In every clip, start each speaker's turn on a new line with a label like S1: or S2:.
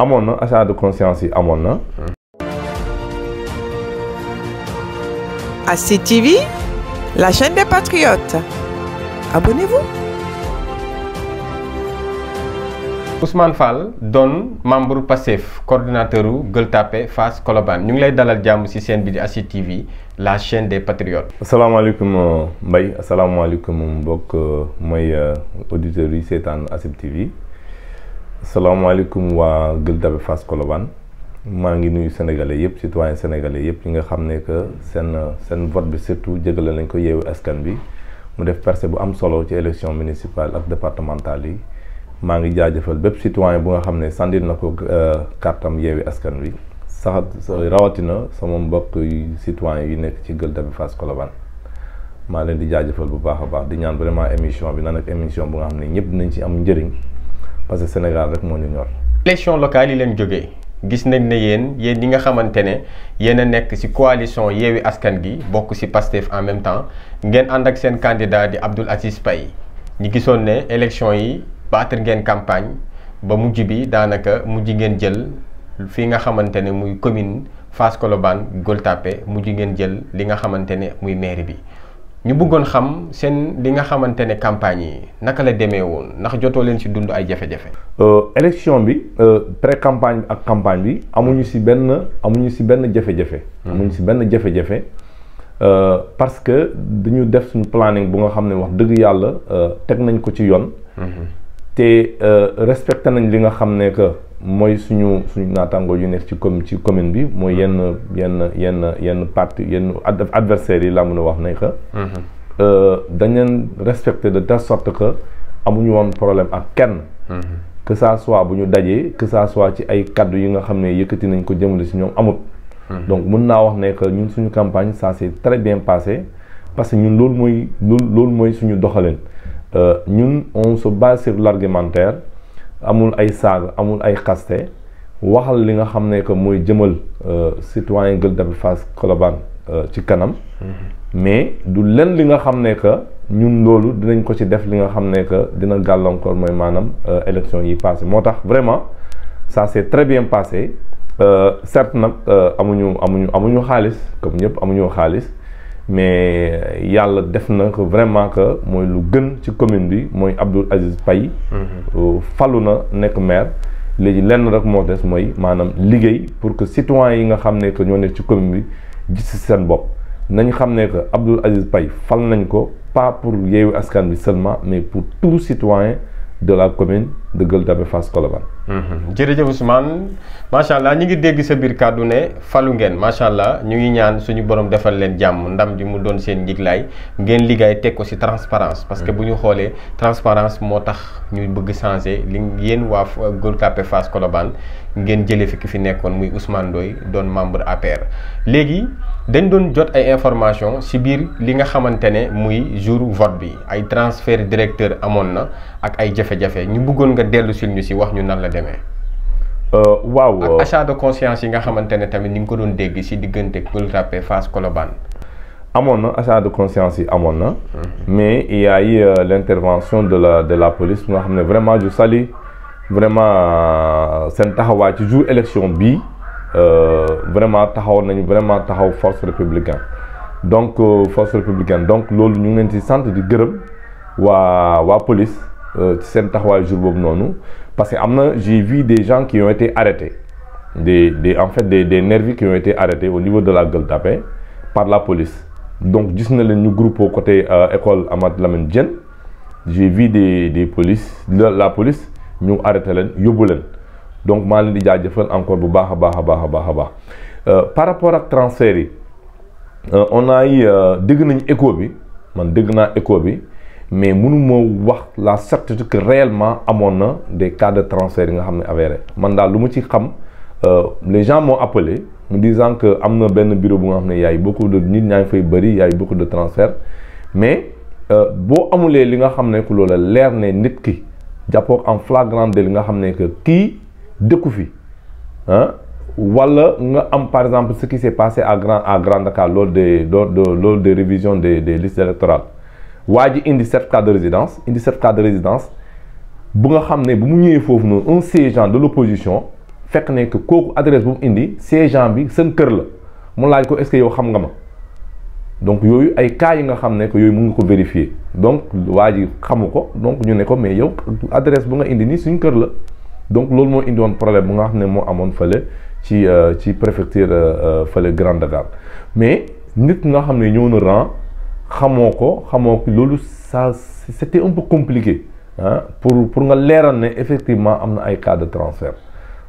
S1: amoon na achat de conscience yi amoon na. ASID TV la chaîne des patriotes abonnez-vous.
S2: Ousmane Fall doon membre Pastef coordinateur Gueule Tapée Fass Colobane ñu ngi lay dalal jàmm ci seen bi di ASID TV la chaîne des patriotes.
S1: asalaamaaleykum euh, Mbaye asalaamaaleykum mbokk euh, mooy euh, auditeurs yi seetaan ASID TV. salaamaaleykum waa gël Tapée fas Colobane maa ngi nuyu sénégalais yëpp citoyen sénégalais yëpp yi nga xam ne que seen seen vote bi surtout jégale nañ ko yeewu askan bi mu def perce bu am solo ci élection municipale ak départementale yi maa ngi jaajëfal bépp citoyen bu nga xam ne sandil na ko euh, kàrtam yeewi askan wi sax rawatina sama mbokk citoyen yi nekk ci Gueule Tapée Fass Colobane maa leen di jaajëfal bu baax a baax di ñaan vraiment émission bi na nag émission bu xam ne ñëpp nañ ci am njëriñ parce que Sénégal rek moo ñu ñor. élection
S2: locale yi leen jógee gis nañ ne yéen yéen ñi nga xamante ne yéen a nekk ci coalition Yewwi Askan gi bokk ci Pastef en même temps ngeen ànd ak seen candidat di Abdoul Aziz Paye ñi gisoon ne élection yi battre ngeen campagne ba mujj bi daanaka mujj ngeen jël fii nga xamante ne muy commune Fass Colobane Gueule Tapée mujj ngeen jël li nga xamante ne muy mairie bi. ñu bëggoon xam seen li nga xamante ne campagne yi naka la demee woon ndax jotoo leen ci dund ay jafe-jafe.
S1: Euh, élection bi euh, pré campagne bi ak campagne bi amuñu ci benn amuñu ci benn jafe-jafe. Hmm. amuñu ci benn jafe-jafe euh, parce que dañu def suñu planning bu nga xam ne wax dëgg yàlla teg nañ ko ci yoon. Hmm. te euh, respecté nañ li nga xam ne que mooy suñu suñu naataangoo yu nekk ci com ci commune bi mooy yenn yenn yenn yenn parti yenn adversaires yi laa mën a wax ne que mhm. euh, dañ leen respecté de telle sorte que amuñu woon problème ak kenn mhm. que saa soit bu ñu dajee que ça soit ci ay kàddu yi nga xam ne yëkkati nañ ko jëmale si ñoom amut mhm. donc mun naa wax ne que ñun suñu campagne ça s'est très bien passé parce que ñun loolu mooy loolu loolu mooy suñu doxalin Euh, ñun on se base l'argumentaire amul ay saaga amul ay xaste waxal li nga xam ne que mooy jëmal euh, citoyen Gueule Tapée Fass Colobane euh, ci kanam mm-hmm. mais du lenn li nga xam ne que ñun loolu dinañ ko ci def li nga xam ne que dina gàllankoor mooy maanaam élection yi passé moo tax vraiment ça s'est très bien passé certes nag amuñu amuñu amuñu xaalis comme ñëpp amuñu xaalis mais yàlla def na ko vraiment que mooy lu gën ci commune bi mooy Abdoul Aziz pay mm-hmm. euh, falu na nekk maire léegi lenn rek moo des mooy maanaam liggéey pour que citoyens yi nga xam ne que ñoo nekk ci commune bi gis si seen bopp nañ xam ne que Abdoul Aziz pay fal nañ ko pas pour yeewu askan bi seulement mais pour tout citoyen de la commune de Gueule Tapée Fass Colobane Mhm. jërëjëf
S2: Ousmane macha allah ñu ngi dégg sa biir kàddu ne falu ngeen macha allah ñu ngi ñaan suñu borom defal leen jàmm ndam ji mu doon seen njiglaay ngeen liggéey teg ko ci transparence parce que mhm. bu ñu xoolee transparence moo tax ñu bëgg changer li yéen waa Gueule Tapée Fass Colobane ngeen jëlee fi fi nekkoon muy Ousmane Ndoye doon membre APR léegi dañ doon jot ay information ci biir li nga xamante ne muy jour vote bi ay transfert directeur amoon na ak ay jafe-jafe ñu bëggoon nga dellu sil ñu ci wax ñu nan la demee euh, waaw ak euh, achat conscience yi nga xamante ne tamit ni nga ko doon dégg ci diggante Gueule Tapée Fass Colobane
S1: amoon na achat de conscience yi amoon na mhm. mais il y a eu euh, l'intervention de la de la police nga xam ne vraiment je salue vraiment euh, seen taxawaay ci jour élection bi euh, vraiment taxaw nañu vraiment taxaw force républicaine donc euh, force républicaine donc loolu ñu ngi leen ci sant di gërëm waa waa police ci seen taxawaay jour boobu noonu parce que am na j'ai vi des gens qui ont été arrêtés des des en fait des des nervis qui ont été arrêtés au niveau de la Gueule Tapée par la police donc gis na leen ñu groupe côté école amat Lamine Diène j'ai vu des des police la police ñu arrêté leen yóbbu leen donc maa leen di jaajëfal encore bu baax a baax a baax a baax a baax euh, par rapport ak transfert yi euh, on a ay euh, dégg nañ éco bi man dégg naa écho bi mais mënu moo wax la certitude que réellement amoon na des cas de transfert yi nga xam ne avéré man daal lu ma ci xam les gens m'ont mu me disant que am na benn bureau bu nga xam ne yaay beaucoup de nit ñaa ngi fay bëri yaay bokkut de transfert mais boo amulee li nga xam ne ku loola leer ne nit ki jàppoo en flagrant délit nga xam ne que kii dëkku fi ah wala nga am par exemple ce qui s'est passé à grand à Grand Dakar lors de lors de révision des des listes électorales waa ji indi certificat de résidence indi certificat de résidence bu nga xam ne bu mu ñëwee foofu noonu un siégeant de l'opposition fekk ne que kooku adresse bu mu indi siégeant bi seen kër la mu laaj ko est-ce que yow xam nga ma. donc yooyu ay cas yi nga xam ne que yooyu mën nga ko vérifier donc waa ji xamu ko donc ñu ne ko mais yow adresse bu nga indi nii suñ kër la donc loolu moo indi woon problème bu nga xam ne amoon fële ci euh, ci préfecture euh, euh, fële Grand Dakar mais nit nga xam ne ñëw na rang xamoo ko xamoo ko loolu ça c'était un peu compliqué ah pour pour nga leeral ne effectivement am na ay cas de transfert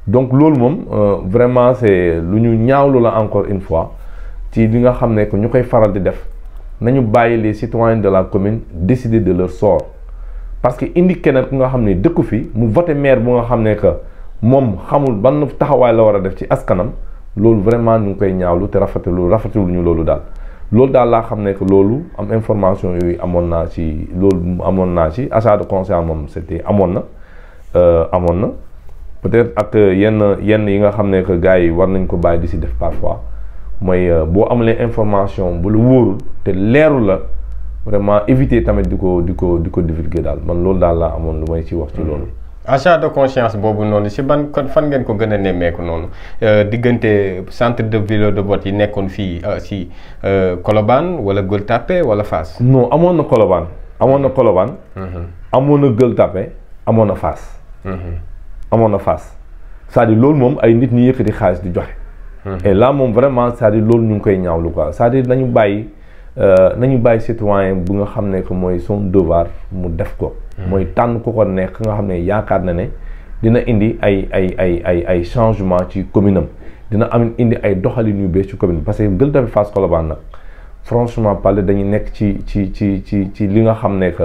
S1: donc loolu moom vraiment c'est lu ñu ñaawlu la encore une fois ci bi nga xam ne que ñu koy faral di def nañu bàyyi les citoyens de la commune décider de leur sort parce que indi keneen ku nga xam ne dëkku fi mu voté maire bu nga xam ne que moom xamul ban taxawaay la war a def ci askanam loolu vraiment ñu ngi koy ñaawlu te rafetlu rafetlu ñu loolu daal loolu daal laa xam ne que loolu am information yooyu amoon naa ci loolu amoon naa ci achat de conscience moom c'était amoon na euh, amoon na peut-être ak yenn yenn yi nga xam ne que gars yi war nañ ko bàyyi di si def parfois mooy euh, boo amalee information bu la wóorul te leeru la vraiment éviter tamit di ko di ko di ko divulguer daal man loolu daal laa amoon lu may ci wax ci hmm. loolu. achat de conscience boobu noonu si ban fan ngeen ko
S2: gën a nemmeeku noonu euh, diggante centre de vélo de botte yi nekkoon fii euh, si
S1: Colobane wala Gueule Tapée wala Fass. non amoon na Colobane amoon na Colobane. Hmm. amoon na Gueule Tapée amoon na Fass. Hmm. amoon na Fass c'est-à-dire loolu moom ay nit ñi yëkkati xaalis di joxe. Mhm. et là moom vraiment cest à loolu ñu ngi koy ñaawlu quoi c'est-à-dire nañu bàyyi euh, nañu bàyyi citoyen bu nga xam ne que mooy son devoir mu def ko. Mhm. mooy tànn ko ko nekk nga xam ne yaakaar na ne dina indi ay ay ay ay ay changement ci commune am dina am indi ay doxalin yu bees ci commune parce que Gueule Tapée Fass Colobane nag franchement parler dañu nekk ci ci ci ci ci li nga xam ne que.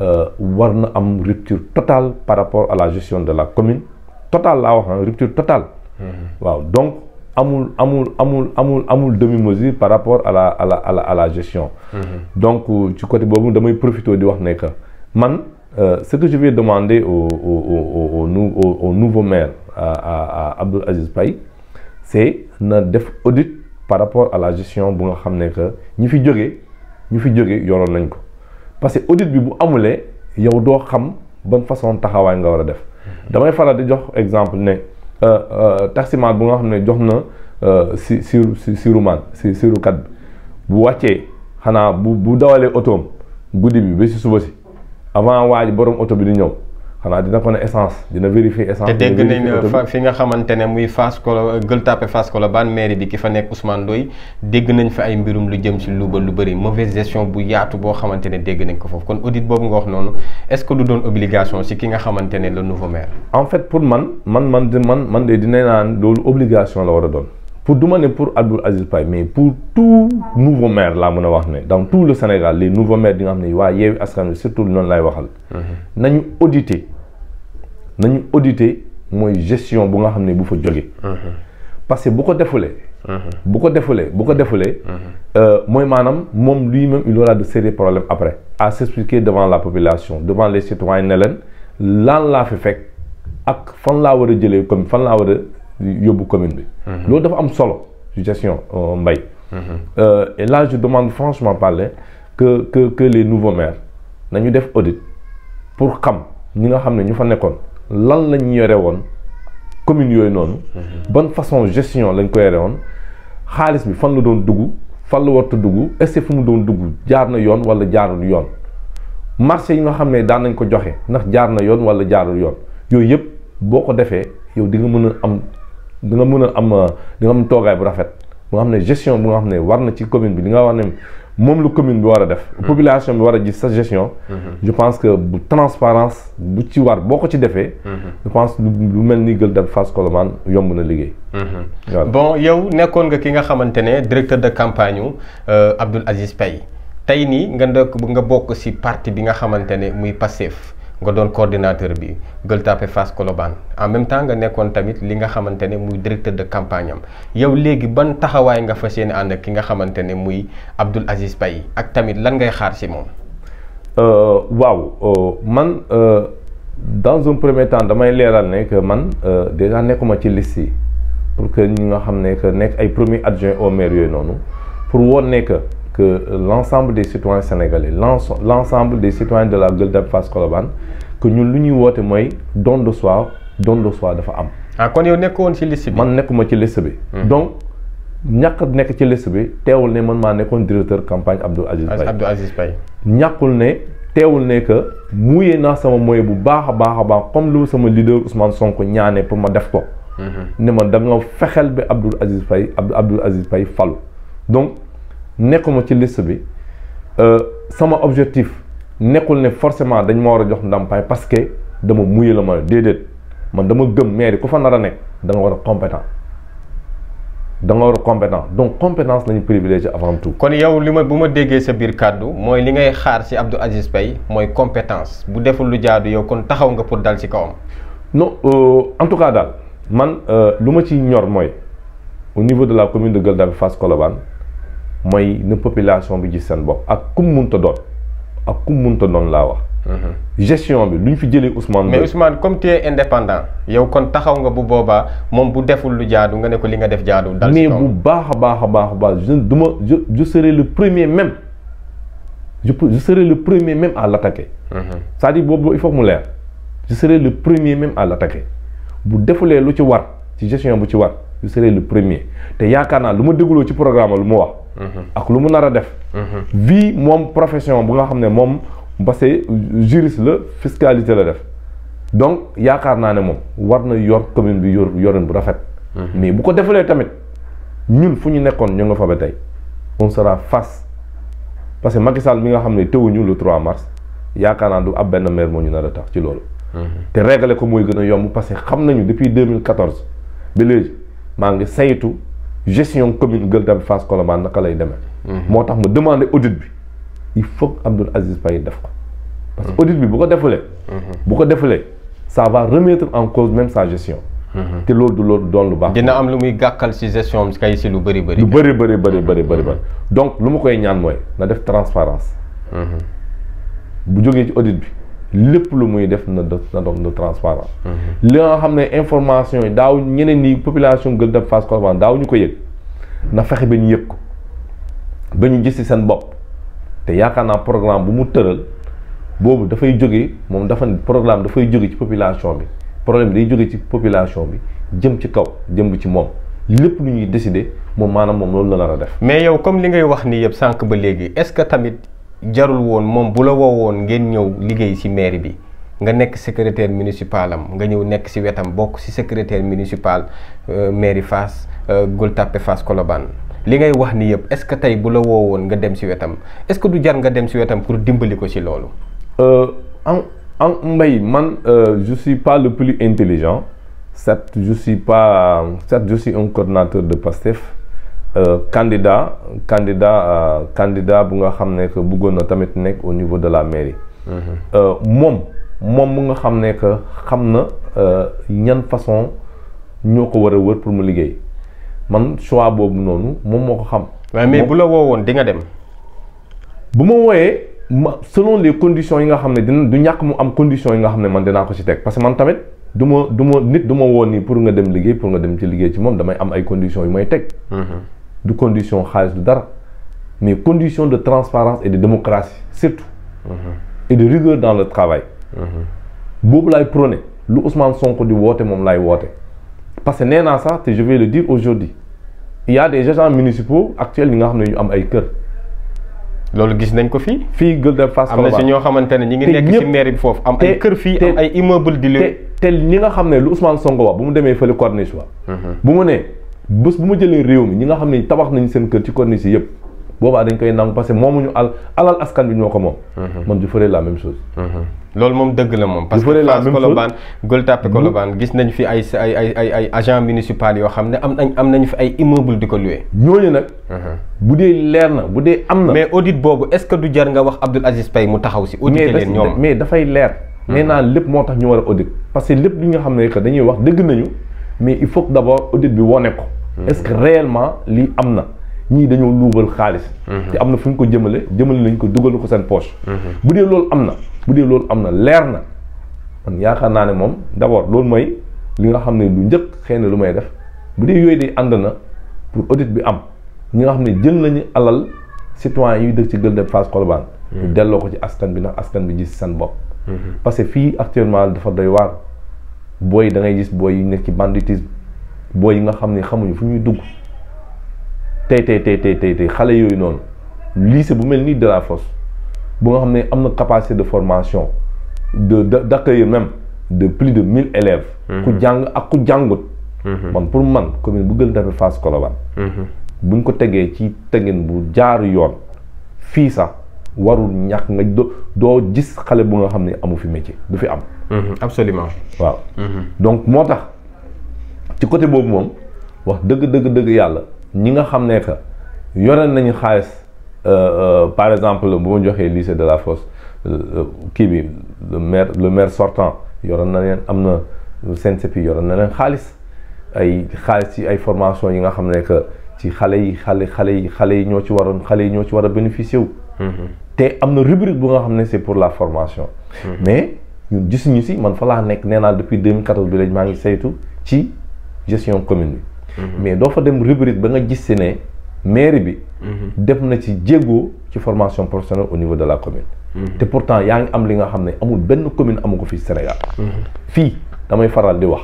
S1: Euh, war na am rupture totale par rapport à la gestion de la commune totale laa wax rupture totale mhm. amul amul amul amul amul demi-mesure par rapport à la à la à gestion. Mhm. donc euh, ci côté boobu damay profité di wax ne que man euh, ce que je vais demander au au au au nouveau maire à à Abdoul Aziz Paye c'est na def audit par rapport à la gestion bu nga xam ne que ñi fi jóge ñi fi jóge yoroon nañ ko parce que audit bi bu amulee yow doo xam ban façon taxawaay nga war a def. Mhm. damay faral di jox exemple ne. Euh, euh, taximaan bu nga xam ne jox na euh, si si si sirumaan si sirukat bi bu wàccee xanaa bu bu dawalee otoom guddi bi ba si suba si avant waa ji borom oto bi di ñëw. xanaa dina ko ne essence dina vérifier essence. te dégg nañ
S2: fi nga xamante ne muy Fass Kolo Gueule Tapée Fass Colobane mairie bi ki fa nekk Ousmane Ndoye dégg nañ fa ay mbirum lu jëm si lu ba lu bëri mauvaise gestion bu yaatu boo xamante ne dégg nañ ko foofu kon audit boobu nga wax noonu est-ce que doon obligation si ki nga xamante ne le nouveau maire.
S1: en fait pour man man man man man de dina naan loolu obligation la war a doon. pour duma ne pour Abdoul Aziz Paye mais pour tout nouveau maire laa mën a wax ne dans tout le Sénégal les nouveaux maires di nga xam ne waa Yewwi Askan Wi surtout noonu lay waxal mhm. nañu auditer nañu auditer mooy gestion bu nga xam ne bu fa jóge mhm. parce que mhm. bu ko defulee bu ko defulee bu ko defulee mooy maanaam moom lui-même il aura de sérieux problèmes après à s'expliquer devant la population devant les citoyens ne leen lan laa fi fekk ak fan laa war a jëlee comme fan laa war yóbbu commune bi. Mhm. loolu dafa am solo gestion euh, mbay. Mhm. Euh, et là je demande franchement parler que que que les nouveaux maires ñu def audit pour xam ñi nga xam ne ñu fa nekkoon lan lañ yore woon commune yooyu noonu. Mhm. ban façon gestion lañ ko yore woon xaalis bi fan la doon dugg fan la warta dugg est fu mu doon dugg jaar na yoon wala jaarul yoon marché yi nga xam ne daan nañ ko joxe ndax jaar na yoon wala jaarul yoon yooyu yëpp boo ko defee yow di mën am. di nga mën a am di nga am toogaay bu rafet bu nga xam ne gestion bu nga xam ne war na ci commune bi li nga wax ne moom lu commune bi war a def. Hmm. population bi war a gis sa gestion. Hmm. je pense que bu transparence bu ci war boo ko ci defee. Hmm. je pense lu mel ni Gueule Tapée Fass Colobane yomb na liggéey. bon
S2: yow nekkoon nga ki nga xamante ne directeur de campagne yu euh, Abdoul Aziz Paye tey nii nga ndëkk nga bokk ci parti bi nga xamante ne muy Pastef. nga doon coordinateur bi Gueule Tapée Fass Colobane en même temps nga nekkoon tamit li nga xamante ne muy directeur de campagne am yow léegi ban taxawaay nga fas yéene ànd ak ki nga xamante ne muy Abdoul Aziz Paye ak tamit lan ngay xaar si moom.
S1: Euh, waaw euh, man euh, dans un premier temps damay leeral ne que man déjà nekkuma ci liste yi pour que ñi nga xam ne nekk ay premier adjoint au maire yooyu noonu pour woon ne que l'ensemble des citoyens sénégalais l'ensemble des citoyens de la Gueule Tapée Fass Colobane que ñun lu ñuy woote mooy don de soi don de soi dafa am. Ah, kon yow nekkoon ci liste bi. man nekkuma ci liste bi. Hmm. donc ñàkk nekk ci liste bi teewul ne man maa nekkoon directeur campagne Abdou Aziz Paye Abdou Aziz Paye ñàkkul ne teewul ne que muyee naa sama moyen bu baax a baax a baax comme lu sama leader Ousmane Sonko ñaanee pour ma def ko. Hmm. ne ma da nga fexeel bi Abdou Aziz Paye Abdou Aziz Paye falu donc. nekkuma ci liste bi euh, sama objectif nekkul ne forcement dañ ma war a jox ndàmpaay parce que dama muye la ma déedéet man dama gëm maire ku fa nar a nekk da war a compétent da nga war a compétent donc compétence lañu privilégié avant
S2: tout. kon yow li ma bu ma déggee sa biir kàddu mooy li ngay xaar ci Abdou Aziz Paye mooy compétence bu deful lu jaadu yow kon taxaw nga pour dal ci kawam.
S1: non euh, en tout cas daal man euh, lu ma ci ñor mooy au niveau de la commune de Gueule Tapée Fass Colobane mooy na population bi gis seen bopp ak comme munta doon ak kum munta doon laa wax. Mhm. gestion bi lu ñu fi jëlee Ousmane. mais Ousmane
S2: comme tu es indépendant yow kon taxaw nga bu boobaa
S1: moom bu deful lu jaadu nga ne ko li nga def jaadu. dal mais bu baax a baax a baax a baax je duma je je serai le premier même je je serai le premier même à l'attaquer. Mhm. cest à boobu il faut mu leer je serai le premier même à l'attaquer bu defulee lu ci war ci gestion bu ci war je serai le premier te yaakaar naa lu ma dégloo ci programme lu mu wax. ak lu mu nar a def. Mhm. vie moom profession bu nga xam ne moom parce que juriste la fiscalité la def donc yaakaar naa ne moom war na yor commune bi yor yorin bu rafet. Mhm. mais bu ko defalee tamit ñun fu ñu nekkoon ñu nga fa ba tey on sera parce que Macky Sall mi nga xam ne tëwuñu lu 3 mars yaakaar naa du ab benn maire moo ñu nar a tax ci loolu. Mhm. te régler ko mooy gën a yomb parce que xam nañu depuis 2014 ba léegi maa ngi saytu. gestion commune Gueule Tapée Fass Colobane naka lay demee. Mhm. moo tax mu demandé audit bi il faut que Abdoul Aziz Paye def ko. parce mhm. audit bi bu ko defulee. Mhm. bu ko defulee ça va remettre en cause même sa gestion. te loolu du lool doon lu baax. dina am lu muy gàkkal si gestion am kay ci lu bëri bari lu bëri bëri bëri bëri bëri donc lu ma koy ñaan mooy na def transparence bu jógee ci audit bi. lépp lu muy def na na doon de transparent mhm. li nga xam ne information yi daaw ñeneen nii population Gueule Tapée Fass Colobane daaw ñu ko yëg na fexe ba ñu yëg ko ba ñu gis seen bopp te yaakaar naa programme bu mu tëral boobu dafay jóge moom dafa programme dafay jóge ci population bi problème bi day jóge ci population bi jëm ci kaw jëm ci moom lépp lu ñuy décider moom maanaam moom loolu la nar def
S2: mais yow comme li ngay wax ni yëpp sànq ba léegi est-ce que tamit jarul woon moom bu la woo woon ngeen ñëw liggéey ci mairie bi nga nekk secrétaire municipal am nga ñëw nekk ci wetam bokk ci secrétaire municipal euh, mairie Fass euh, Gueule Tapée Fass Colobane li ngay wax ni yëpp est-ce que tey bu la woo woon nga dem ci wetam est-ce que du jar nga dem ci wetam pour dimbali
S1: ko ci loolu. Euh, en en mbay man je suis pas le plus intelligent certes je suis pas certes un coordonnateur de PASTEF. Euh, candidat candidat kandidaa euh, bu nga xam ne que bëggoon na tamit nekk au niveau de la mairie. Mhm. Euh, moom moom mu nga xam ne que xam na ñan façon ñoo ko war a wër pour mu liggéey man choix boobu noonu moom moo xam. waaye mais bu
S2: la woowoon di nga dem.
S1: bu ma wooyee ma selon les conditions yi nga xam ne dina du ñàkk mu am conditions yi nga xam ne man dinaa ko si teg parce que man tamit du ma ma nit du ma nii pour nga dem liggéey pour nga dem ci liggéey ci moom damay am ay conditions yu may teg. Mhm. du condition xaalis du dara mais condition de transparence et de démocratie surtout
S3: mm-hmm.
S1: et de rigueur dans le travail mm-hmm. boobu laay prôné lu Ousmane Sonko di woote moom laay woote parce que nee naa sax te je vais le dire aujourd'hui il de a des agents municipaux actuels yi nga xam ne ñu am ay kër loolu gis nañ ko fii fii Gueule Tapée Fass am na ñoo xamante
S2: ne ñi ngi nekk si mairie foofu
S1: am ay kër fii am ay immeuble te ñi nga xam ne lu Ousmane Sonko wax bu mu demee fële corniche wa mm-hmm. bu mu nee bés bu ma jëlee réew mi ñi nga xam ne tabax nañ seen kër ci corniche yi yëpp boobaa dañ koy nangu parce que moomuñu al alal askan bi ñoo ko moom. Mhm. man je ferai la même chose.
S3: Mhm.
S2: loolu moom dëgg la moom. parce que Fass Colobane Gueule Tapée mhm. Colobane gis nañ fi ay ay ay ay agent municipal yoo xam ne am nañ am nañu fi ay immeuble di ko loué. ñooñu nag. bu dee leer na bu dee am na. mais audit boobu est-ce que du jar nga wax Abdoul Aziz Paye mu taxaw si. auditer leen ñoom
S1: mais dafay leer. nee naa lépp moo tax ñu war parce que lépp li nga xam ne que dañuy wax dëgg nañu mais il faut que audit bi wone ko. Mm-hmm. est-ce que réellement lii am na ñii dañoo luubal xaalis mm-hmm. te am na fu ñu ko jëmale jëmale nañ ko dugal ko seen poche mm-hmm. bu dee loolu am na bu dee loolu am na leer na man yaakaar naa ne moom d'abord loolu mooy li nga xam ne lu njëkk xëy na lu may def bu dee yooyu de ànd na pour audit bi am ñi nga xam ne jël nañu alal citoyens yi dëkk ci Gueule Tapée Fass Colobane ñu delloo ko ci askan bi ndax askan bi gis seen bopp parce que fii actuellement dafa doy waar booy da ngay gis booy yi nekk ci banditisme booy yi nga xam ne xamuñu fu ñuy dugg tey tey tey tey tey tey xale yooyu noonu lycée bu mel nii de la fosse bu nga xam ne am na capacité de formation de d'accueillir même de plus de mille élèves. Mm-hmm. ku jàng ak ku jàngut. Mm-hmm. man pour man commune bu gën a defee Fass Colobane. Mm-hmm. buñ ko tegee ci tegin bu jaaru yoon fii sax warul ñax nga doo gis xale bu nga xam ne amu fi métier du fi am. absolument waaw donc moo tax. ci côté boobu moom wax dëgg dëgg dëgg yàlla ñi nga xam ne que yore nañu xaalis euh, euh, par exemple bu ma joxee lycée de la Fosse euh, kii bi le maire le maire sortant yore na leen am na CNCP yore na leen xaalis ay xaalis ci ay formation yi nga xam ne que ci xale yi xale xale yi xale yi ñoo ci waroon xale yi ñoo ci war a bénéficier wu. Mm-hmm. te am na rubrique bu nga xam ne c'est pour la formation.
S3: Mm-hmm. mais
S1: ñun gisuñu si man fa laa nekk nee naa depuis 2014 bi lañ maa ngi saytu ci. gestion commune bi. Mhm. mais doo fa dem rubrique ba nga gis si ne mairie bi. Mhm. def na ci jéego ci formation professionnelle au niveau de la commune. Mhm. te pourtant yaa ngi am li nga xam ne amul benn commune amu ko fii Sénégal. fii damay faral di wax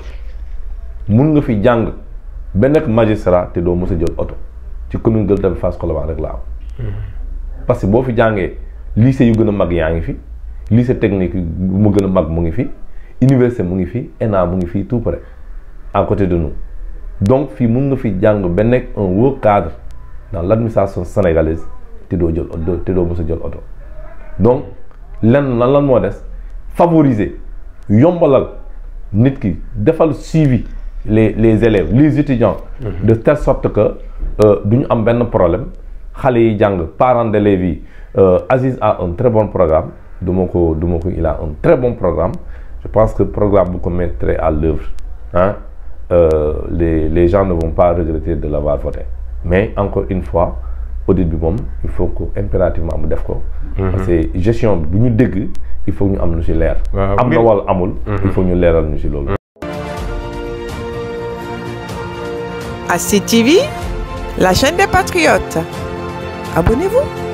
S1: mun nga fi jàng benn magistrat te doo mos a jël oto ci commune Gueule Tapée Fass Colobane rek la am. parce que boo fi jàngee lycée yu gën a mag yaa ngi fi lycée technique mu gën a mag mu ngi fi université mu ngi fi ENA mu ngi fi tout à côté de nous donc fii mun nga fi jàng ba nekk un haut cadre dans l' administration te doo jël oto te doo mës jël oto donc lenn lan lan moo des favoriser yombalal nit ki defal suivi les les élèves les étudiants. Mm-hmm. de telle sorte que euh, du ñu am benn problème xale yi jàng parents d'élèves yi euh, Aziz a un très bon programme du ma ko du ma ko il a un très bon programme je pense que programme bu ko mettre à l'œuvre euh, les les gens ne vont pas regretter de l'avoir voté mais encore une fois audit bi moom il faut que impérativement mu def ko. Mhm. parce que gestion bi bu ñu dégg il faut ñu am lu ci leer. am na walla amul. Mhm. il faut ñu leeral ñu si loolu. ASID TV la chaîne des patriotes abonnez-vous.